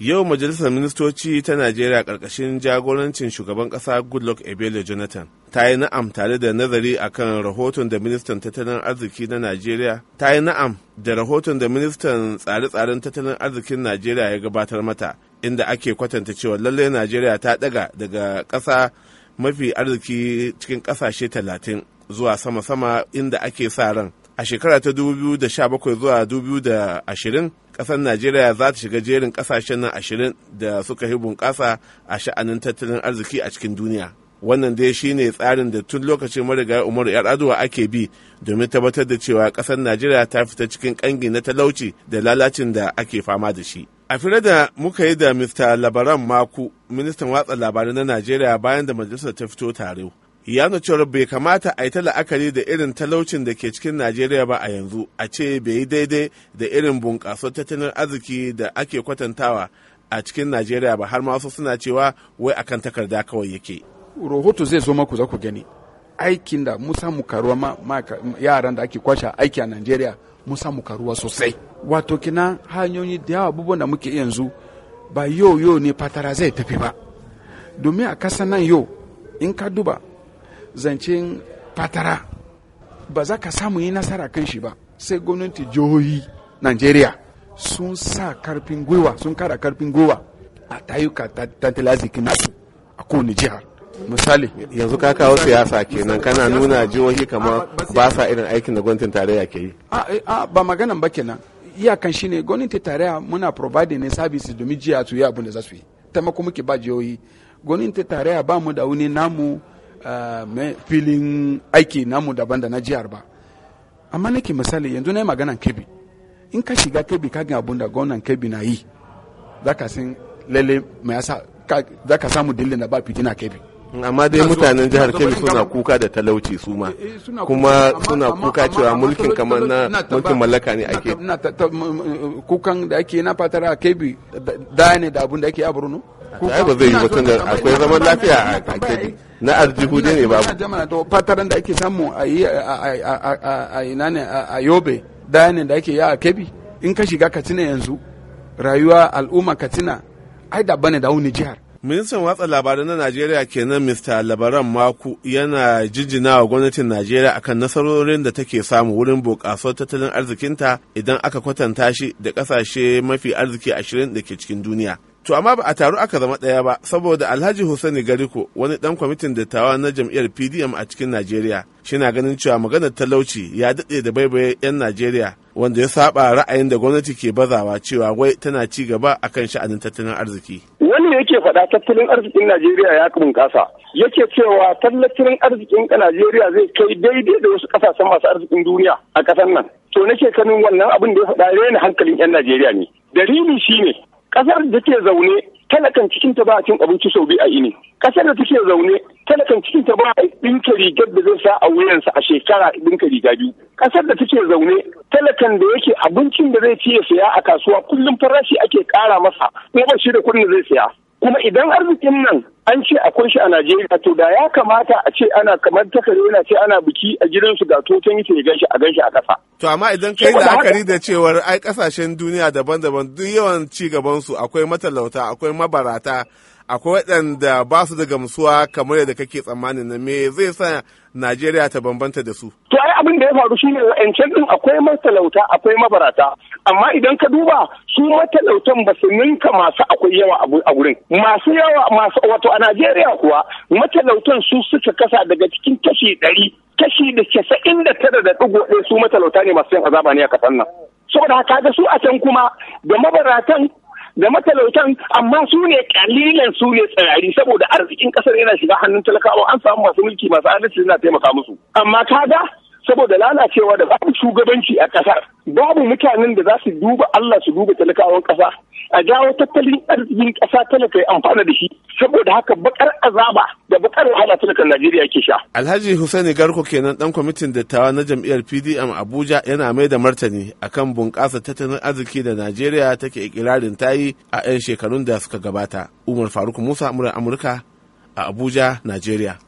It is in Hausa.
yau majalisar ministoci ta najeriya ƙarƙashin jagorancin shugaban ƙasa goodluck ebele jonathan ta yi na'am tare da nazari a kan rahoton da ministan tattalin arziki na najeriya ta yi na'am da rahoton da ministan tsare-tsaren tattalin arzikin najeriya ya gabatar mata inda ake kwatanta cewa lallai najeriya ta ɗaga daga ƙasa mafi arziki cikin ƙasashe talatin zuwa sama-sama inda ake sa ran a shekara ta 2017 zuwa 2020 kasar najeriya za ta shiga jerin kasashen nan ashirin da suka yi bunƙasa a sha'anin tattalin arziki a cikin duniya wannan dai shine tsarin da tun lokacin marigayi umaru yar adowa ake bi domin tabbatar da cewa kasar najeriya ta fita cikin kangi na talauci da lalacin da ake fama da shi a fira da muka yi da mr labaran maku ministan watsa labarai na najeriya bayan da majalisar ta fito tare ya cewar bai kamata a yi ta la'akari da irin talaucin da ke cikin najeriya ba a yanzu a ce bai yi daidai da irin bunƙasar tattalin arziki da ake kwatantawa a cikin najeriya ba har ma wasu suna cewa wai akan takarda kawai yake rohoto zai zo maku za ku gani aikin da mu karuwa ma, yaran da ake kwashe aiki a najeriya mu samu karuwa sosai wato kina hanyoyi da yawa abubuwan da muke yanzu ba yau yau ne fatara zai tafi ba domin a kasa nan yau in ka duba zancen fatara ba za ka samu yi nasara kan shi ba sai gwamnati jihohi Najeriya sun sa karfin gwiwa sun kara karfin gwiwa a tayuka tattalin arziki nasu a kowane jihar misali yanzu ka kawo siyasa kenan kana nuna jihohi kama ba sa irin aikin da gwamnatin tarayya ke yi a eh, ba maganan ba kenan iyakan ne gwamnatin tarayya muna providing ne services domin jiya su yi abin da za su yi taimako muke ba jihohi gwamnatin tarayya ba mu da wani namu filin aiki namu daban da na jihar ba amma nake misali yanzu na yi maganan kebi in ka shiga kebi ka gina abun da gwamnan kebi na yi za ka san mai yasa za ka samu dillin da ba fitina kebi amma dai mutanen jihar kebbi suna kuka da talauci su ma eh, eh, kuma suna kuka cewa mulkin kamar na mulkin mallaka ne ake kukan da ake na fatar a kebbi da ne da abun da ake a borno kuka ba zai yi mutum da akwai zaman lafiya a kebbi na arjihu ne babu to fataran da ake samu a yi a ina ne a yobe da ne da ake yi a kebbi in ka shiga katsina yanzu rayuwa al'umma katsina ai da bane da wani jihar ministan watsa labarai na najeriya kenan mr labaran maku yana jijjina wa gwamnatin najeriya akan nasarorin da take samu wurin bukasar tattalin arzikinta idan aka kwatanta shi da kasashe mafi arziki ashirin da ke cikin duniya To amma ba a taru aka zama ɗaya ba saboda Alhaji Hussaini Gariko wani ɗan kwamitin dattawa na jam'iyyar PDM a cikin Najeriya. shi na ganin cewa maganar talauci ya daɗe da baibaye 'yan Najeriya wanda ya saba ra'ayin da gwamnati ke bazawa cewa wai tana ci gaba akan sha'anin tattalin arziki. Wani yake faɗa tattalin arzikin Najeriya ya bunƙasa. Yake cewa tattalin arzikin Najeriya zai kai daidai da wasu ƙasashen masu arzikin duniya a ƙasar nan. To nake kanin wannan abin da ya faɗa rena hankalin 'yan Najeriya ne. Dalili shine ƙasar da take zaune talakan cikin ta ba cin abinci sau biyu a ini. Ƙasar da take zaune talakan cikin ta ba ɗinka rigar da zai sa a sa a shekara dinka riga biyu ƙasar da take zaune talakan da yake abincin da zai ci ya saya a kasuwa kullum farashi ake kara masa ko ba shi da kuɗin zai saya kuma idan arzikin nan an ce akwai shi a Najeriya to da ya kamata a ce ana kamar takare yana ce ana biki a gidansu ga toton yake ya shi a ganshi a ƙasa. To amma idan kai la'akari da cewar ai kasashen duniya daban-daban duk yawan ci gabansu akwai matalauta akwai mabarata akwai waɗanda ba su da gamsuwa kamar yadda kake tsammanin na me zai sa Najeriya ta bambanta da su. To ai abin da ya faru shine wa'ancan din akwai matalauta akwai mabarata amma idan ka duba su matalautan ba su ninka masu akwai yawa a gurin. Masu yawa masu wato a Najeriya kuwa matalautan su suka kasa daga cikin kashi ɗari kashi da casa'in da tara da ɗigo ɗaya su matalauta ne masu yin azaba ne a kasan nan. Saboda haka ga su a can kuma da mabaratan da matalautan amma su ne kalilan su ne tsirari saboda arzikin kasar yana shiga hannun talakawa an samu masu mulki masu adalci suna taimaka musu amma kaga saboda lalacewa da babu shugabanci a ƙasar babu mutanen da za su duba Allah su duba talakawan ƙasa a jawo tattalin arzikin ƙasa talaka ya amfana da shi saboda haka bakar azaba da bakar wahala talakan Najeriya ke sha. Alhaji Hussaini Garko kenan dan kwamitin dattawa na jam'iyyar PDM Abuja yana mai da martani akan bunƙasa tattalin arziki da Najeriya take ikirarin tayi a 'yan shekarun da suka gabata. Umar Faruk Musa, Amurka a Abuja, Najeriya.